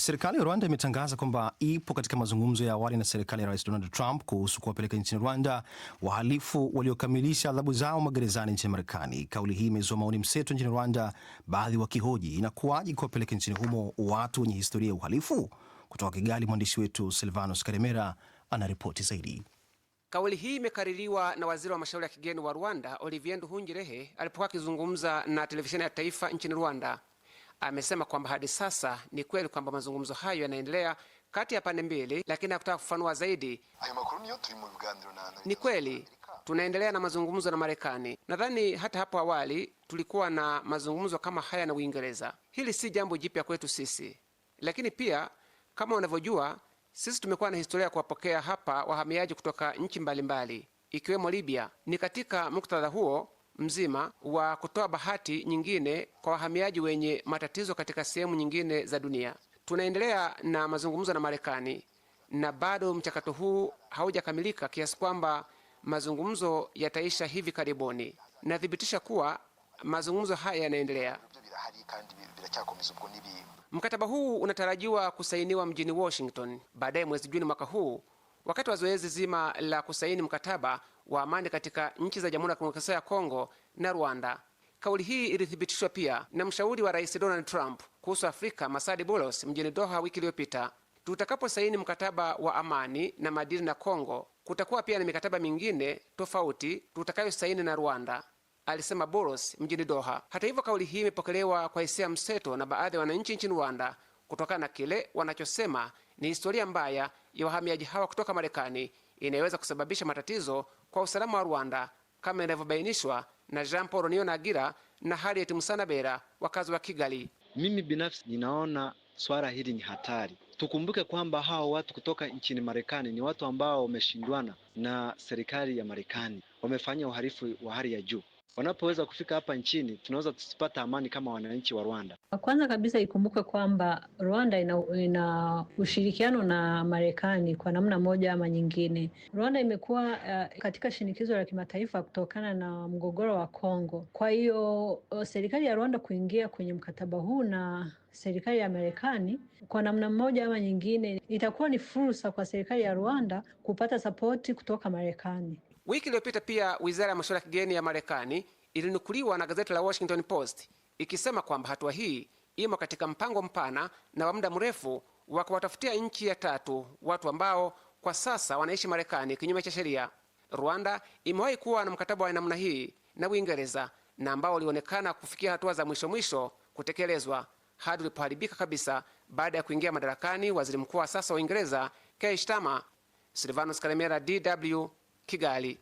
Serikali ya Rwanda imetangaza kwamba ipo katika mazungumzo ya awali na serikali ya Rais Donald Trump kuhusu kuwapeleka nchini Rwanda wahalifu waliokamilisha adhabu zao magerezani nchini Marekani. Kauli hii imezua maoni mseto nchini Rwanda, baadhi wakihoji inakuwaje kuwapeleka nchini humo watu wenye historia ya uhalifu? Kutoka Kigali, mwandishi wetu Silvanos Karemera anaripoti zaidi. Kauli hii imekaririwa na waziri wa mashauri ya kigeni wa Rwanda Olivier Nduhungirehe alipokuwa akizungumza na televisheni ya taifa nchini Rwanda amesema kwamba hadi sasa ni kweli kwamba mazungumzo hayo yanaendelea kati ya pande mbili, lakini hakutaka kufafanua zaidi. Ni kweli tunaendelea na mazungumzo na Marekani. Nadhani hata hapo awali tulikuwa na mazungumzo kama haya na Uingereza. Hili si jambo jipya kwetu sisi, lakini pia kama unavyojua, sisi tumekuwa na historia ya kuwapokea hapa wahamiaji kutoka nchi mbalimbali ikiwemo Libya. Ni katika muktadha huo mzima wa kutoa bahati nyingine kwa wahamiaji wenye matatizo katika sehemu nyingine za dunia. Tunaendelea na mazungumzo na Marekani na bado mchakato huu haujakamilika kiasi kwamba mazungumzo yataisha hivi karibuni. Nathibitisha kuwa mazungumzo haya yanaendelea. Mkataba huu unatarajiwa kusainiwa mjini Washington baadaye mwezi Juni mwaka huu wakati wa zoezi zima la kusaini mkataba wa amani katika nchi za Jamhuri ya Kidemokrasia ya Kongo na Rwanda. Kauli hii ilithibitishwa pia na mshauri wa Rais Donald Trump kuhusu Afrika, Masadi Bulos, mjini Doha wiki iliyopita. Tutakaposaini mkataba wa amani na madini na Kongo, kutakuwa pia na mikataba mingine tofauti tutakayosaini na Rwanda, alisema Boros mjini Doha. Hata hivyo, kauli hii imepokelewa kwa hisia mseto na baadhi ya wananchi nchini Rwanda kutokana na kile wanachosema ni historia mbaya ya wahamiaji hawa kutoka Marekani inayoweza kusababisha matatizo kwa usalama wa Rwanda kama inavyobainishwa na Jean Paul Niyonagira na Harriet Musanabera, wakazi wa Kigali. Mimi binafsi ninaona swala hili ni hatari. Tukumbuke kwamba hao watu kutoka nchini Marekani ni watu ambao wameshindwana na serikali ya Marekani, wamefanya uhalifu wa hali ya juu wanapoweza kufika hapa nchini tunaweza tusipata amani kama wananchi wa Rwanda. Kwanza kabisa ikumbuke kwamba Rwanda ina, ina ushirikiano na Marekani kwa namna moja ama nyingine. Rwanda imekuwa uh, katika shinikizo la kimataifa kutokana na mgogoro wa Kongo. Kwa hiyo uh, serikali ya Rwanda kuingia kwenye mkataba huu na serikali ya Marekani kwa namna moja ama nyingine itakuwa ni fursa kwa serikali ya Rwanda kupata sapoti kutoka Marekani. Wiki iliyopita pia wizara ya mashauri ya kigeni ya Marekani ilinukuliwa na gazeti la Washington Post ikisema kwamba hatua hii imo katika mpango mpana na wa muda mrefu wa kuwatafutia nchi ya tatu watu ambao kwa sasa wanaishi Marekani kinyume cha sheria. Rwanda imewahi kuwa na mkataba wa namna hii na Uingereza na ambao ulionekana kufikia hatua za mwisho mwisho kutekelezwa hadi ulipoharibika kabisa baada ya kuingia madarakani waziri mkuu wa sasa wa Uingereza Keir Starmer. Silvanus Karemera, DW Kigali